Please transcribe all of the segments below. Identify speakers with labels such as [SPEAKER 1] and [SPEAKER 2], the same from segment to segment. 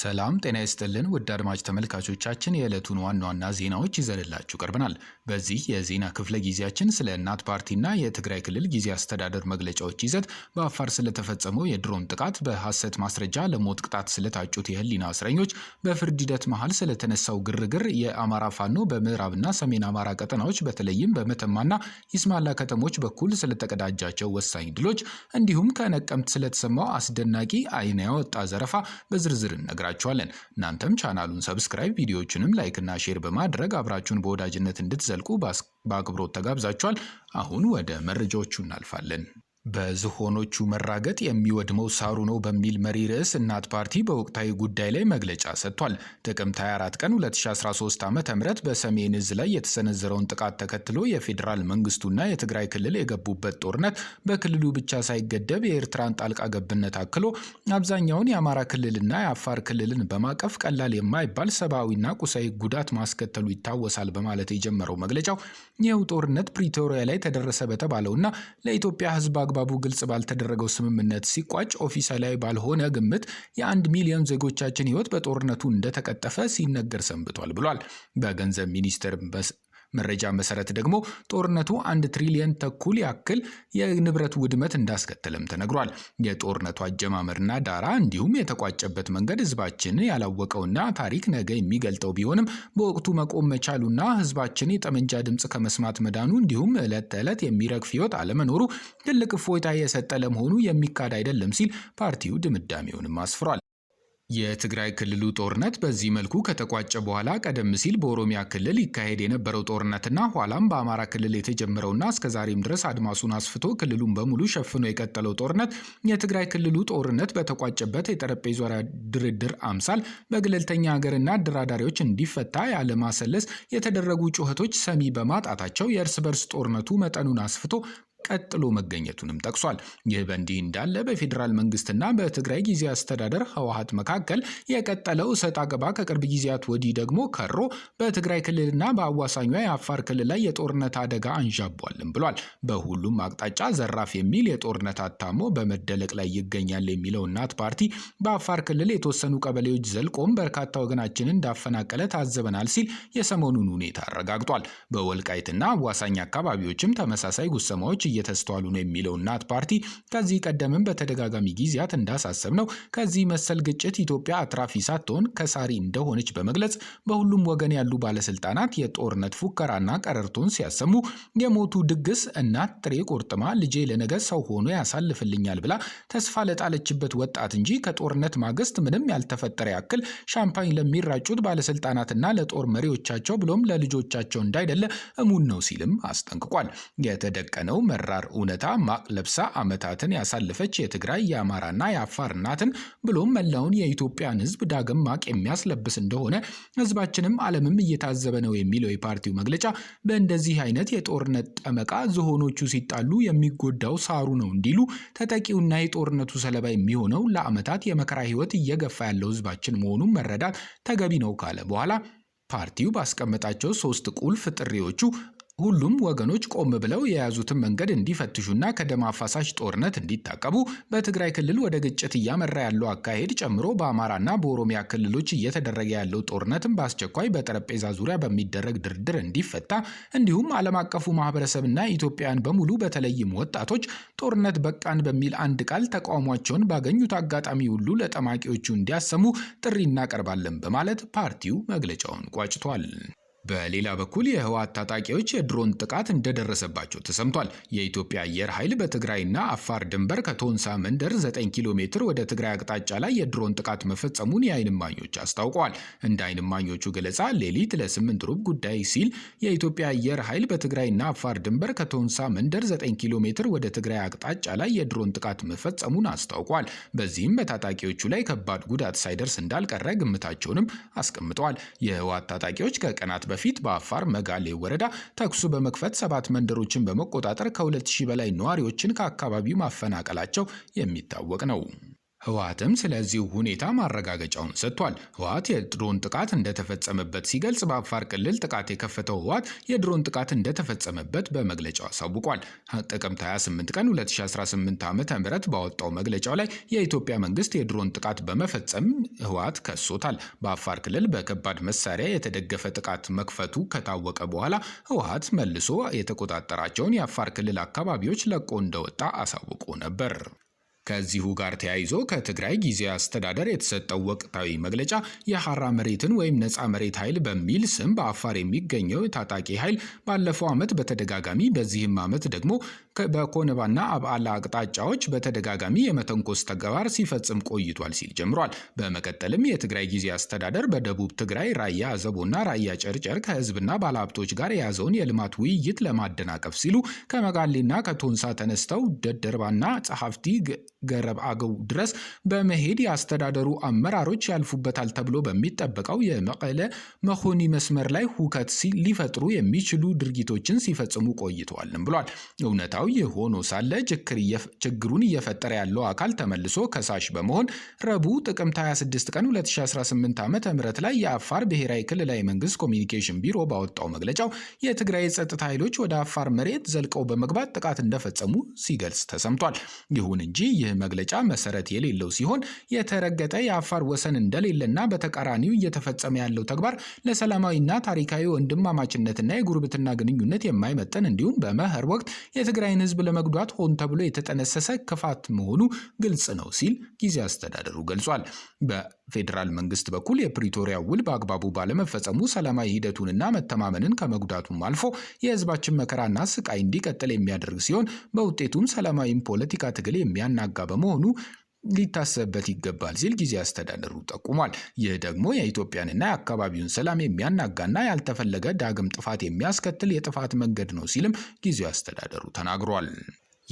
[SPEAKER 1] ሰላም ጤና ይስጥልን ውድ አድማጭ ተመልካቾቻችን የዕለቱን ዋና ዋና ዜናዎች ይዘንላችሁ ቀርበናል። በዚህ የዜና ክፍለ ጊዜያችን ስለ እናት ፓርቲና የትግራይ ክልል ጊዜ አስተዳደር መግለጫዎች ይዘት፣ በአፋር ስለተፈጸመው የድሮን ጥቃት፣ በሐሰት ማስረጃ ለሞት ቅጣት ስለታጩት የህሊና እስረኞች፣ በፍርድ ሂደት መሃል ስለተነሳው ግርግር፣ የአማራ ፋኖ በምዕራብና ሰሜን አማራ ቀጠናዎች በተለይም በመተማና ይስማላ ከተሞች በኩል ስለተቀዳጃቸው ወሳኝ ድሎች፣ እንዲሁም ከነቀምት ስለተሰማው አስደናቂ ዓይን ያወጣ ዘረፋ በዝርዝር ይነግራል። እንነግራችኋለን። እናንተም ቻናሉን ሰብስክራይብ፣ ቪዲዮዎችንም እና ሼር በማድረግ አብራችሁን በወዳጅነት እንድትዘልቁ በአክብሮት ተጋብዛችኋል። አሁን ወደ መረጃዎቹ እናልፋለን። በዝሆኖቹ መራገጥ የሚወድመው ሳሩ ነው በሚል መሪ ርዕስ እናት ፓርቲ በወቅታዊ ጉዳይ ላይ መግለጫ ሰጥቷል። ጥቅምት 24 ቀን 2013 ዓ ም በሰሜን እዝ ላይ የተሰነዘረውን ጥቃት ተከትሎ የፌዴራል መንግስቱና የትግራይ ክልል የገቡበት ጦርነት በክልሉ ብቻ ሳይገደብ የኤርትራን ጣልቃ ገብነት አክሎ አብዛኛውን የአማራ ክልልና የአፋር ክልልን በማቀፍ ቀላል የማይባል ሰብአዊና ቁሳዊ ጉዳት ማስከተሉ ይታወሳል በማለት የጀመረው መግለጫው ይኸው ጦርነት ፕሪቶሪያ ላይ ተደረሰ በተባለውና ለኢትዮጵያ ህዝብ አግባቡ ግልጽ ባልተደረገው ስምምነት ሲቋጭ ላይ ባልሆነ ግምት የአንድ ሚሊዮን ዜጎቻችን ህይወት በጦርነቱ እንደተቀጠፈ ሲነገር ሰንብቷል ብሏል። በገንዘብ ሚኒስቴር መረጃ መሰረት ደግሞ ጦርነቱ አንድ ትሪሊየን ተኩል ያክል የንብረት ውድመት እንዳስከተለም ተነግሯል። የጦርነቱ አጀማመርና ዳራ እንዲሁም የተቋጨበት መንገድ ህዝባችንን ያላወቀውና ታሪክ ነገ የሚገልጠው ቢሆንም በወቅቱ መቆም መቻሉና ህዝባችን የጠመንጃ ድምፅ ከመስማት መዳኑ እንዲሁም ዕለት ተዕለት የሚረግፍ ህይወት አለመኖሩ ትልቅ እፎይታ የሰጠ ለመሆኑ የሚካድ አይደለም ሲል ፓርቲው ድምዳሜውንም አስፍሯል። የትግራይ ክልሉ ጦርነት በዚህ መልኩ ከተቋጨ በኋላ ቀደም ሲል በኦሮሚያ ክልል ይካሄድ የነበረው ጦርነትና ኋላም በአማራ ክልል የተጀመረውና እስከዛሬም ድረስ አድማሱን አስፍቶ ክልሉን በሙሉ ሸፍኖ የቀጠለው ጦርነት የትግራይ ክልሉ ጦርነት በተቋጨበት የጠረጴዛ ድርድር አምሳል በገለልተኛ ሀገርና አደራዳሪዎች እንዲፈታ ያለማሰለስ የተደረጉ ጩኸቶች ሰሚ በማጣታቸው የእርስ በርስ ጦርነቱ መጠኑን አስፍቶ ቀጥሎ መገኘቱንም ጠቅሷል። ይህ በእንዲህ እንዳለ በፌዴራል መንግስትና በትግራይ ጊዜ አስተዳደር ህወሀት መካከል የቀጠለው እሰጥ አገባ ከቅርብ ጊዜያት ወዲህ ደግሞ ከሮ በትግራይ ክልልና በአዋሳኟ የአፋር ክልል ላይ የጦርነት አደጋ አንዣቧልም ብሏል። በሁሉም አቅጣጫ ዘራፍ የሚል የጦርነት አታሞ በመደለቅ ላይ ይገኛል የሚለው እናት ፓርቲ በአፋር ክልል የተወሰኑ ቀበሌዎች ዘልቆም በርካታ ወገናችንን እንዳፈናቀለ ታዘበናል ሲል የሰሞኑን ሁኔታ አረጋግጧል። በወልቃይትና አዋሳኝ አካባቢዎችም ተመሳሳይ ጉሰማዎች እየተስተዋሉ ነው የሚለው እናት ፓርቲ ከዚህ ቀደምም በተደጋጋሚ ጊዜያት እንዳሳሰብ ነው ከዚህ መሰል ግጭት ኢትዮጵያ አትራፊ ሳትሆን ከሳሪ እንደሆነች በመግለጽ በሁሉም ወገን ያሉ ባለስልጣናት የጦርነት ፉከራና ቀረርቶን ሲያሰሙ የሞቱ ድግስ እናት ጥሬ ቆርጥማ ልጄ ለነገ ሰው ሆኖ ያሳልፍልኛል ብላ ተስፋ ለጣለችበት ወጣት እንጂ ከጦርነት ማግስት ምንም ያልተፈጠረ ያክል ሻምፓኝ ለሚራጩት ባለስልጣናትና ለጦር መሪዎቻቸው ብሎም ለልጆቻቸው እንዳይደለ እሙን ነው ሲልም አስጠንቅቋል። የተደቀነው መራር እውነታ ማቅ ለብሳ ዓመታትን ያሳለፈች የትግራይ የአማራና የአፋር እናትን ብሎም መላውን የኢትዮጵያን ሕዝብ ዳግም ማቅ የሚያስለብስ እንደሆነ ሕዝባችንም ዓለምም እየታዘበ ነው የሚለው የፓርቲው መግለጫ በእንደዚህ አይነት የጦርነት ጠመቃ ዝሆኖቹ ሲጣሉ የሚጎዳው ሳሩ ነው እንዲሉ ተጠቂውና የጦርነቱ ሰለባ የሚሆነው ለዓመታት የመከራ ሕይወት እየገፋ ያለው ሕዝባችን መሆኑን መረዳት ተገቢ ነው ካለ በኋላ ፓርቲው ባስቀመጣቸው ሶስት ቁልፍ ጥሪዎቹ ሁሉም ወገኖች ቆም ብለው የያዙትን መንገድ እንዲፈትሹና ከደም አፋሳሽ ጦርነት እንዲታቀቡ በትግራይ ክልል ወደ ግጭት እያመራ ያለው አካሄድ ጨምሮ በአማራና በኦሮሚያ ክልሎች እየተደረገ ያለው ጦርነትም በአስቸኳይ በጠረጴዛ ዙሪያ በሚደረግ ድርድር እንዲፈታ እንዲሁም ዓለም አቀፉ ማህበረሰብና ኢትዮጵያን በሙሉ በተለይም ወጣቶች ጦርነት በቃን በሚል አንድ ቃል ተቃውሟቸውን ባገኙት አጋጣሚ ሁሉ ለጠማቂዎቹ እንዲያሰሙ ጥሪ እናቀርባለን በማለት ፓርቲው መግለጫውን ቋጭቷል። በሌላ በኩል የህወሓት ታጣቂዎች የድሮን ጥቃት እንደደረሰባቸው ተሰምቷል። የኢትዮጵያ አየር ኃይል በትግራይና አፋር ድንበር ከቶንሳ መንደር 9 ኪሎ ሜትር ወደ ትግራይ አቅጣጫ ላይ የድሮን ጥቃት መፈጸሙን የአይን እማኞች አስታውቀዋል። እንደ አይን እማኞቹ ገለጻ ሌሊት ለስምንት ሩብ ጉዳይ ሲል የኢትዮጵያ አየር ኃይል በትግራይና አፋር ድንበር ከቶንሳ መንደር 9 ኪሎ ሜትር ወደ ትግራይ አቅጣጫ ላይ የድሮን ጥቃት መፈጸሙን አስታውቋል። በዚህም በታጣቂዎቹ ላይ ከባድ ጉዳት ሳይደርስ እንዳልቀረ ግምታቸውንም አስቀምጠዋል። የህወሓት ታጣቂዎች ከቀናት በ በፊት በአፋር መጋሌ ወረዳ ተኩሱ በመክፈት ሰባት መንደሮችን በመቆጣጠር ከ 2000 በላይ ነዋሪዎችን ከአካባቢው ማፈናቀላቸው የሚታወቅ ነው። ህወሓትም ስለዚሁ ሁኔታ ማረጋገጫውን ሰጥቷል። ህወሓት የድሮን ጥቃት እንደተፈጸመበት ሲገልጽ በአፋር ክልል ጥቃት የከፈተው ህወሓት የድሮን ጥቃት እንደተፈጸመበት በመግለጫው አሳውቋል። ጥቅምት 28 ቀን 2018 ዓ ም ባወጣው መግለጫው ላይ የኢትዮጵያ መንግስት የድሮን ጥቃት በመፈጸም ህወሓት ከሶታል። በአፋር ክልል በከባድ መሳሪያ የተደገፈ ጥቃት መክፈቱ ከታወቀ በኋላ ህወሓት መልሶ የተቆጣጠራቸውን የአፋር ክልል አካባቢዎች ለቆ እንደወጣ አሳውቆ ነበር። ከዚሁ ጋር ተያይዞ ከትግራይ ጊዜ አስተዳደር የተሰጠው ወቅታዊ መግለጫ የሐራ መሬትን ወይም ነፃ መሬት ኃይል በሚል ስም በአፋር የሚገኘው ታጣቂ ኃይል ባለፈው ዓመት በተደጋጋሚ በዚህም ዓመት ደግሞ በኮነባና አብዓላ አቅጣጫዎች በተደጋጋሚ የመተንኮስ ተግባር ሲፈጽም ቆይቷል ሲል ጀምሯል። በመቀጠልም የትግራይ ጊዜ አስተዳደር በደቡብ ትግራይ ራያ አዘቦና ራያ ጨርጨር ከህዝብና ባለሀብቶች ጋር የያዘውን የልማት ውይይት ለማደናቀፍ ሲሉ ከመጋሌና ከቶንሳ ተነስተው ደደርባና ጸሐፍቲ ገረብ አገው ድረስ በመሄድ የአስተዳደሩ አመራሮች ያልፉበታል ተብሎ በሚጠበቀው የመቀለ መኮኒ መስመር ላይ ሁከት ሊፈጥሩ የሚችሉ ድርጊቶችን ሲፈጽሙ ቆይተዋልም ብሏል። እውነታው ይህ ሆኖ ሳለ ችግሩን እየፈጠረ ያለው አካል ተመልሶ ከሳሽ በመሆን ረቡዕ ጥቅምት 26 ቀን 2018 ዓ ም ላይ የአፋር ብሔራዊ ክልላዊ መንግስት ኮሚኒኬሽን ቢሮ ባወጣው መግለጫው የትግራይ ጸጥታ ኃይሎች ወደ አፋር መሬት ዘልቀው በመግባት ጥቃት እንደፈጸሙ ሲገልጽ ተሰምቷል። ይሁን እንጂ ይህ መግለጫ መሰረት የሌለው ሲሆን የተረገጠ የአፋር ወሰን እንደሌለና በተቃራኒው እየተፈጸመ ያለው ተግባር ለሰላማዊና ታሪካዊ ወንድማማችነትና የጉርብትና ግንኙነት የማይመጠን እንዲሁም በመኸር ወቅት የትግራይን ህዝብ ለመጉዳት ሆን ተብሎ የተጠነሰሰ ክፋት መሆኑ ግልጽ ነው ሲል ጊዜ አስተዳደሩ ገልጿል። በፌዴራል መንግስት በኩል የፕሪቶሪያ ውል በአግባቡ ባለመፈጸሙ ሰላማዊ ሂደቱንና መተማመንን ከመጉዳቱም አልፎ የህዝባችን መከራና ስቃይ እንዲቀጥል የሚያደርግ ሲሆን በውጤቱም ሰላማዊም ፖለቲካ ትግል የሚያናጋ የሚያሰጋ በመሆኑ ሊታሰብበት ይገባል ሲል ጊዜ አስተዳደሩ ጠቁሟል። ይህ ደግሞ የኢትዮጵያንና የአካባቢውን ሰላም የሚያናጋና ያልተፈለገ ዳግም ጥፋት የሚያስከትል የጥፋት መንገድ ነው ሲልም ጊዜው አስተዳደሩ ተናግሯል።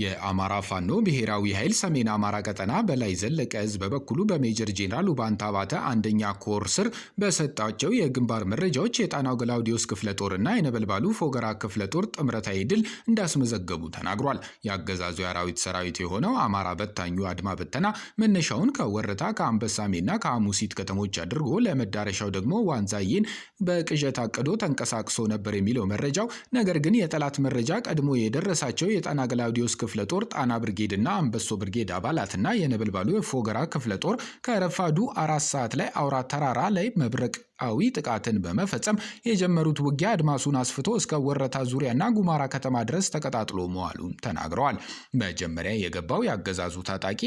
[SPEAKER 1] የአማራ ፋኖ ብሔራዊ ኃይል ሰሜን አማራ ቀጠና በላይ ዘለቀ እዝ በበኩሉ በሜጀር ጄኔራል ውባንታ ባተ አንደኛ ኮር ስር በሰጣቸው የግንባር መረጃዎች የጣናው ገላውዲዮስ ክፍለ ጦር እና የነበልባሉ ፎገራ ክፍለ ጦር ጥምረታዊ ድል እንዳስመዘገቡ ተናግሯል። የአገዛዙ የአራዊት ሰራዊት የሆነው አማራ በታኙ አድማ በተና መነሻውን ከወረታ ከአንበሳሜና ከአሙሲት ከተሞች አድርጎ ለመዳረሻው ደግሞ ዋንዛዬን በቅዠት አቅዶ ተንቀሳቅሶ ነበር የሚለው መረጃው፣ ነገር ግን የጠላት መረጃ ቀድሞ የደረሳቸው የጣና ገላውዲዮስ ክፍለ ጦር ጣና ብርጌድና አንበሶ ብርጌድ አባላትና የነበልባሉ የፎገራ ክፍለ ጦር ከረፋዱ አራት ሰዓት ላይ አውራ ተራራ ላይ መብረቅ አዊ ጥቃትን በመፈጸም የጀመሩት ውጊያ አድማሱን አስፍቶ እስከ ወረታ ዙሪያና ጉማራ ከተማ ድረስ ተቀጣጥሎ መዋሉን ተናግረዋል። መጀመሪያ የገባው የአገዛዙ ታጣቂ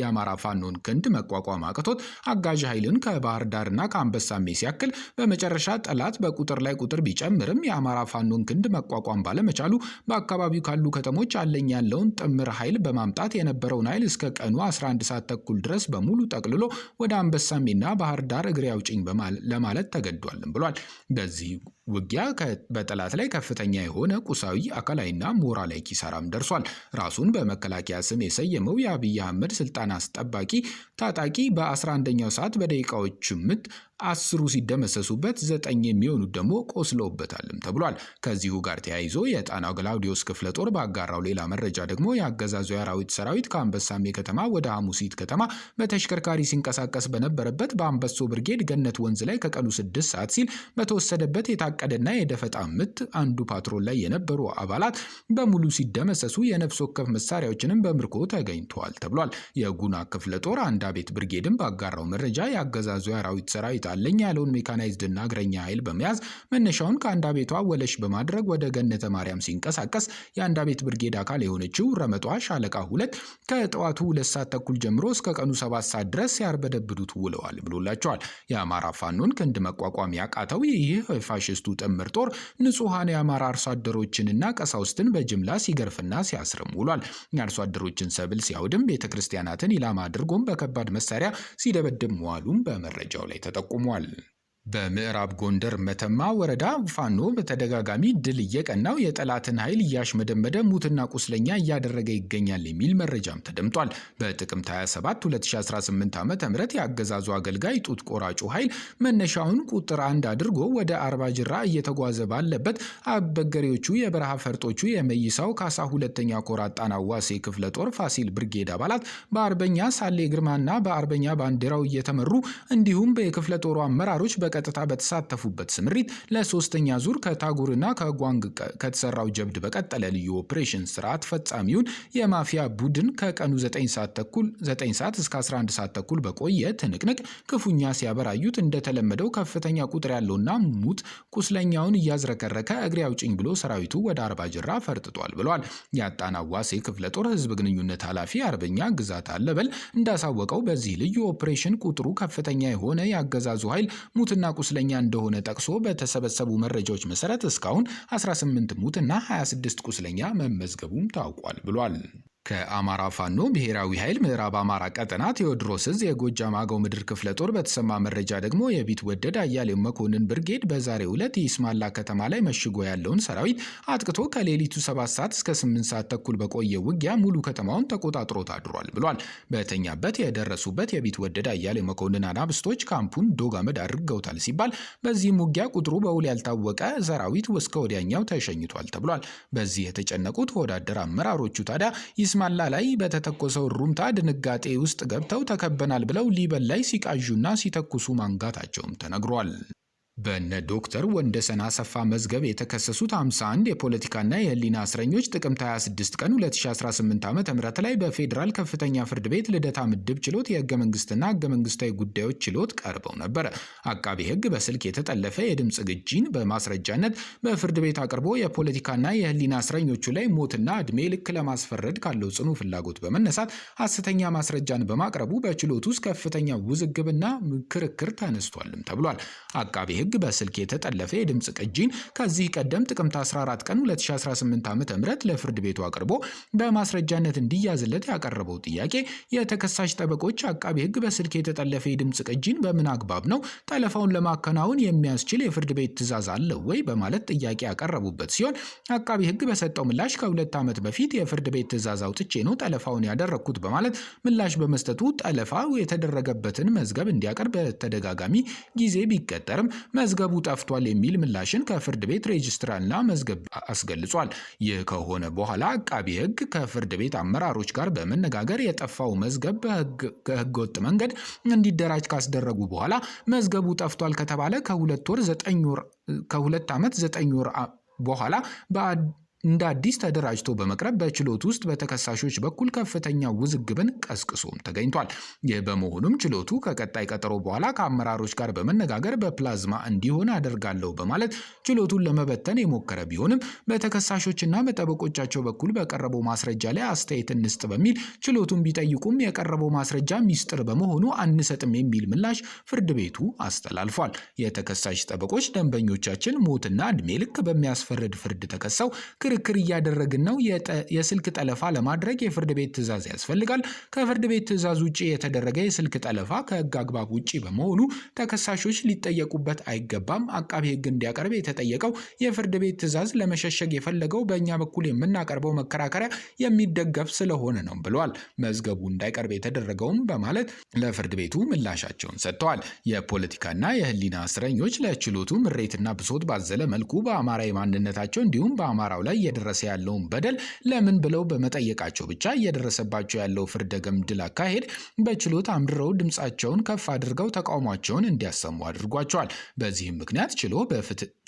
[SPEAKER 1] የአማራ ፋኖን ክንድ መቋቋም አቅቶት አጋዥ ኃይልን ከባህር ዳርና ከአንበሳሜ ሲያክል፣ በመጨረሻ ጠላት በቁጥር ላይ ቁጥር ቢጨምርም የአማራ ፋኖን ክንድ መቋቋም ባለመቻሉ በአካባቢው ካሉ ከተሞች አለኝ ያለውን ጥምር ኃይል በማምጣት የነበረውን ኃይል እስከ ቀኑ 11 ሰዓት ተኩል ድረስ በሙሉ ጠቅልሎ ወደ አንበሳሜና ባህር ዳር እግሬ አውጭኝ በማለት ለማለት ተገዷልም ብሏል። በዚህ ውጊያ በጠላት ላይ ከፍተኛ የሆነ ቁሳዊ፣ አካላዊና ሞራላዊ ኪሳራም ደርሷል። ራሱን በመከላከያ ስም የሰየመው የአብይ አህመድ ስልጣን አስጠባቂ ታጣቂ በ11ኛው ሰዓት በደቂቃዎች ምት አስሩ ሲደመሰሱበት ዘጠኝ የሚሆኑት ደግሞ ቆስለውበታልም ተብሏል። ከዚሁ ጋር ተያይዞ የጣናው ግላውዲዮስ ክፍለ ጦር ባጋራው ሌላ መረጃ ደግሞ የአገዛዙ የአራዊት ሰራዊት ከአንበሳሜ ከተማ ወደ ሐሙሲት ከተማ በተሽከርካሪ ሲንቀሳቀስ በነበረበት በአንበሶ ብርጌድ ገነት ወንዝ ላይ ከቀኑ ስድስት ሰዓት ሲል በተወሰደበት የታቀደና የደፈጣ ምት አንዱ ፓትሮል ላይ የነበሩ አባላት በሙሉ ሲደመሰሱ የነፍስ ወከፍ መሳሪያዎችንም በምርኮ ተገኝተዋል ተብሏል። የጉና ክፍለ ጦር አንድ አቤት ባጋራው መረጃ የአገዛዙ የአራዊት ሰራዊት አለኝ ያለውን ሜካናይዝድና እግረኛ ኃይል በመያዝ መነሻውን ከአንዳ ቤቷ ወለሽ በማድረግ ወደ ገነተ ማርያም ሲንቀሳቀስ የአንዳ ቤት ብርጌድ አካል የሆነችው ረመጧ ሻለቃ ሁለት ከጠዋቱ ሁለት ሰዓት ተኩል ጀምሮ እስከ ቀኑ ሰባት ሰዓት ድረስ ያርበደብዱት ውለዋል ብሎላቸዋል። የአማራ ፋኖን ክንድ መቋቋም ያቃተው ይህ የፋሽስቱ ጥምር ጦር ንጹሐን የአማራ አርሶ አደሮችንና ቀሳውስትን በጅምላ ሲገርፍና ሲያስርም ውሏል። የአርሶ አደሮችን ሰብል ሲያውድም ቤተ ክርስቲያናትን ኢላማ አድርጎም በከባድ መሳሪያ ሲደበድብ መዋሉም በመረጃው ላይ ተጠቁ como al በምዕራብ ጎንደር መተማ ወረዳ ፋኖ በተደጋጋሚ ድል እየቀናው የጠላትን ኃይል እያሽመደመደ ሙትና ቁስለኛ እያደረገ ይገኛል የሚል መረጃም ተደምጧል። በጥቅምት 27 2018 ዓ ም የአገዛዙ አገልጋይ ጡት ቆራጩ ኃይል መነሻውን ቁጥር አንድ አድርጎ ወደ አርባ ጅራ እየተጓዘ ባለበት አበገሬዎቹ የበረሃ ፈርጦቹ የመይሳው ካሳ ሁለተኛ ኮራጣና ዋሴ ክፍለ ጦር ፋሲል ብርጌድ አባላት በአርበኛ ሳሌ ግርማና በአርበኛ ባንዲራው እየተመሩ እንዲሁም የክፍለ ጦሩ አመራሮች በቀ በቀጥታ በተሳተፉበት ስምሪት ለሶስተኛ ዙር ከታጉርና ከጓንግ ከተሰራው ጀብድ በቀጠለ ልዩ ኦፕሬሽን ስርዓት ፈጻሚውን የማፊያ ቡድን ከቀኑ 9 ሰዓት ተኩል 9 ሰዓት እስከ 11 ሰዓት ተኩል በቆየ ትንቅንቅ ክፉኛ ሲያበራዩት እንደተለመደው ከፍተኛ ቁጥር ያለውና ሙት ቁስለኛውን እያዝረከረከ እግሬ አውጭኝ ብሎ ሰራዊቱ ወደ አርባ ጅራ ፈርጥጧል ብሏል። የአጣና ዋሴ ክፍለ ጦር ህዝብ ግንኙነት ኃላፊ አርበኛ ግዛት አለበል እንዳሳወቀው በዚህ ልዩ ኦፕሬሽን ቁጥሩ ከፍተኛ የሆነ የአገዛዙ ኃይል ሙትና ቁስለኛ እንደሆነ ጠቅሶ በተሰበሰቡ መረጃዎች መሰረት እስካሁን 18 ሙት እና 26 ቁስለኛ መመዝገቡም ታውቋል ብሏል። ከአማራ ፋኖ ብሔራዊ ኃይል ምዕራብ አማራ ቀጠና ቴዎድሮስ እዝ የጎጃም አገው ምድር ክፍለ ጦር በተሰማ መረጃ ደግሞ የቢት ወደድ አያሌው መኮንን ብርጌድ በዛሬው ዕለት የኢስማላ ከተማ ላይ መሽጎ ያለውን ሰራዊት አጥቅቶ ከሌሊቱ 7 ሰዓት እስከ 8 ሰዓት ተኩል በቆየ ውጊያ ሙሉ ከተማውን ተቆጣጥሮ ታድሯል ብሏል። በተኛበት የደረሱበት የቢት ወደድ አያሌው መኮንን አናብስቶች ካምፑን ዶጋመድ አድርገውታል ሲባል፣ በዚህም ውጊያ ቁጥሩ በውል ያልታወቀ ሰራዊት እስከ ወዲያኛው ተሸኝቷል ተብሏል። በዚህ የተጨነቁት ወዳደር አመራሮቹ ታዲያ ማላ ላይ በተተኮሰው ሩምታ ድንጋጤ ውስጥ ገብተው ተከበናል ብለው ሊበን ላይ ሲቃዡና ሲተኩሱ ማንጋታቸውም ተነግሯል። በእነ ዶክተር ወንደሰን አሰፋ መዝገብ የተከሰሱት 51 የፖለቲካና የህሊና እስረኞች ጥቅምት 26 ቀን 2018 ዓ ም ላይ በፌዴራል ከፍተኛ ፍርድ ቤት ልደታ ምድብ ችሎት የህገ መንግስትና ህገ መንግስታዊ ጉዳዮች ችሎት ቀርበው ነበር። አቃቢ ህግ በስልክ የተጠለፈ የድምፅ ግጂን በማስረጃነት በፍርድ ቤት አቅርቦ የፖለቲካና የህሊና እስረኞቹ ላይ ሞትና ዕድሜ ልክ ለማስፈረድ ካለው ጽኑ ፍላጎት በመነሳት ሐሰተኛ ማስረጃን በማቅረቡ በችሎት ውስጥ ከፍተኛ ውዝግብና ክርክር ተነስቷልም ተብሏል። አቃቢ ህግ በስልክ የተጠለፈ የድምፅ ቅጂን ከዚህ ቀደም ጥቅምት 14 ቀን 2018 ዓ.ም ለፍርድ ቤቱ አቅርቦ በማስረጃነት እንዲያዝለት ያቀረበው ጥያቄ የተከሳሽ ጠበቆች አቃቢ ህግ በስልክ የተጠለፈ የድምፅ ቅጂን በምን አግባብ ነው ጠለፋውን ለማከናወን የሚያስችል የፍርድ ቤት ትዕዛዝ አለው ወይ በማለት ጥያቄ ያቀረቡበት ሲሆን አቃቢ ህግ በሰጠው ምላሽ ከሁለት ዓመት በፊት የፍርድ ቤት ትዕዛዝ አውጥቼ ነው ጠለፋውን ያደረግኩት በማለት ምላሽ በመስጠቱ ጠለፋ የተደረገበትን መዝገብ እንዲያቀርብ በተደጋጋሚ ጊዜ ቢቀጠርም መዝገቡ ጠፍቷል የሚል ምላሽን ከፍርድ ቤት ሬጅስትራና መዝገብ አስገልጿል። ይህ ከሆነ በኋላ አቃቢ ህግ ከፍርድ ቤት አመራሮች ጋር በመነጋገር የጠፋው መዝገብ በህገወጥ መንገድ እንዲደራጅ ካስደረጉ በኋላ መዝገቡ ጠፍቷል ከተባለ ከሁለት ወር ዘጠኝ ወር ከሁለት ዓመት ዘጠኝ ወር በኋላ እንደ አዲስ ተደራጅቶ በመቅረብ በችሎት ውስጥ በተከሳሾች በኩል ከፍተኛ ውዝግብን ቀስቅሶም ተገኝቷል። ይህ በመሆኑም ችሎቱ ከቀጣይ ቀጠሮ በኋላ ከአመራሮች ጋር በመነጋገር በፕላዝማ እንዲሆን አደርጋለሁ በማለት ችሎቱን ለመበተን የሞከረ ቢሆንም በተከሳሾችና በጠበቆቻቸው በኩል በቀረበው ማስረጃ ላይ አስተያየት እንስጥ በሚል ችሎቱን ቢጠይቁም የቀረበው ማስረጃ ሚስጥር በመሆኑ አንሰጥም የሚል ምላሽ ፍርድ ቤቱ አስተላልፏል። የተከሳሽ ጠበቆች ደንበኞቻችን ሞትና እድሜ ልክ በሚያስፈርድ ፍርድ ተከሰው ክርክር እያደረግን ነው። የስልክ ጠለፋ ለማድረግ የፍርድ ቤት ትዕዛዝ ያስፈልጋል። ከፍርድ ቤት ትዕዛዝ ውጭ የተደረገ የስልክ ጠለፋ ከህግ አግባብ ውጭ በመሆኑ ተከሳሾች ሊጠየቁበት አይገባም። አቃቢ ህግ እንዲያቀርብ የተጠየቀው የፍርድ ቤት ትዕዛዝ ለመሸሸግ የፈለገው በእኛ በኩል የምናቀርበው መከራከሪያ የሚደገፍ ስለሆነ ነው ብለዋል። መዝገቡ እንዳይቀርብ የተደረገውም በማለት ለፍርድ ቤቱ ምላሻቸውን ሰጥተዋል። የፖለቲካና የህሊና እስረኞች ለችሎቱ ምሬትና ብሶት ባዘለ መልኩ በአማራ ማንነታቸው እንዲሁም በአማራው ላይ ላይ እየደረሰ ያለውን በደል ለምን ብለው በመጠየቃቸው ብቻ እየደረሰባቸው ያለው ፍርደ ገምድል አካሄድ በችሎት አምድረው ድምፃቸውን ከፍ አድርገው ተቃውሟቸውን እንዲያሰሙ አድርጓቸዋል። በዚህም ምክንያት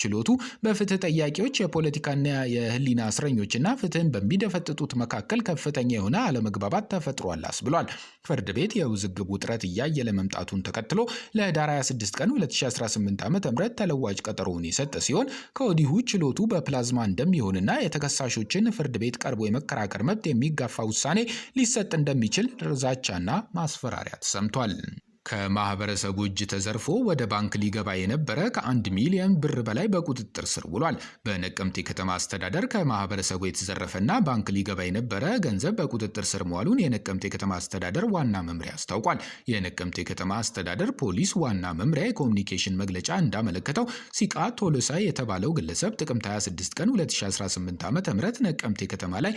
[SPEAKER 1] ችሎቱ በፍትህ ጠያቂዎች የፖለቲካና የህሊና እስረኞችና ፍትህን በሚደፈጥጡት መካከል ከፍተኛ የሆነ አለመግባባት ተፈጥሯላስ ብሏል። ፍርድ ቤት የውዝግቡ ውጥረት እያየለ መምጣቱን ተከትሎ ለኅዳር 26 ቀን 2018 ዓ.ም ተለዋጭ ቀጠሮውን የሰጠ ሲሆን ከወዲሁ ችሎቱ በፕላዝማ እንደሚሆንና የተከሳሾችን ፍርድ ቤት ቀርቦ የመከራከር መብት የሚጋፋ ውሳኔ ሊሰጥ እንደሚችል ርዛቻና ማስፈራሪያ ተሰምቷል። ከማህበረሰቡ እጅ ተዘርፎ ወደ ባንክ ሊገባ የነበረ ከአንድ ሚሊዮን ብር በላይ በቁጥጥር ስር ውሏል። በነቀምቴ ከተማ አስተዳደር ከማህበረሰቡ የተዘረፈና ባንክ ሊገባ የነበረ ገንዘብ በቁጥጥር ስር መዋሉን የነቀምቴ ከተማ አስተዳደር ዋና መምሪያ አስታውቋል። የነቀምቴ ከተማ አስተዳደር ፖሊስ ዋና መምሪያ የኮሚኒኬሽን መግለጫ እንዳመለከተው ሲቃ ቶሎሳ የተባለው ግለሰብ ጥቅምት 26 ቀን 2018 ዓ ም ነቀምቴ ከተማ ላይ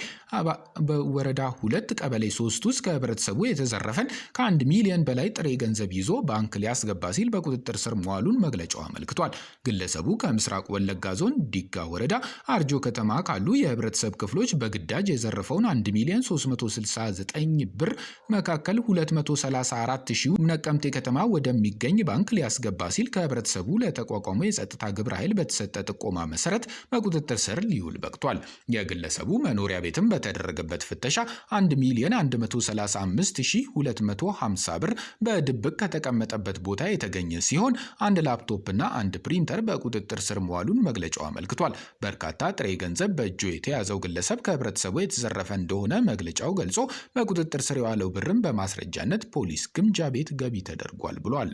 [SPEAKER 1] በወረዳ ሁለት ቀበሌ ሶስት ውስጥ ከህብረተሰቡ የተዘረፈን ከአንድ ሚሊዮን በላይ ጥሬ ገንዘብ ገንዘብ ይዞ ባንክ ሊያስገባ ሲል በቁጥጥር ስር መዋሉን መግለጫው አመልክቷል። ግለሰቡ ከምስራቅ ወለጋ ዞን ዲጋ ወረዳ አርጆ ከተማ ካሉ የህብረተሰብ ክፍሎች በግዳጅ የዘረፈውን 1 ሚሊዮን 369 ብር መካከል 234 ሺህ ነቀምቴ ከተማ ወደሚገኝ ባንክ ሊያስገባ ሲል ከህብረተሰቡ ለተቋቋመው የጸጥታ ግብረ ኃይል በተሰጠ ጥቆማ መሰረት በቁጥጥር ስር ሊውል በቅቷል። የግለሰቡ መኖሪያ ቤትም በተደረገበት ፍተሻ 1 ሚሊዮን 135 ሺህ 250 ብር በድብ ብቅ ከተቀመጠበት ቦታ የተገኘ ሲሆን አንድ ላፕቶፕ እና አንድ ፕሪንተር በቁጥጥር ስር መዋሉን መግለጫው አመልክቷል። በርካታ ጥሬ ገንዘብ በእጁ የተያዘው ግለሰብ ከህብረተሰቡ የተዘረፈ እንደሆነ መግለጫው ገልጾ በቁጥጥር ስር የዋለው ብርም በማስረጃነት ፖሊስ ግምጃ ቤት ገቢ ተደርጓል ብሏል።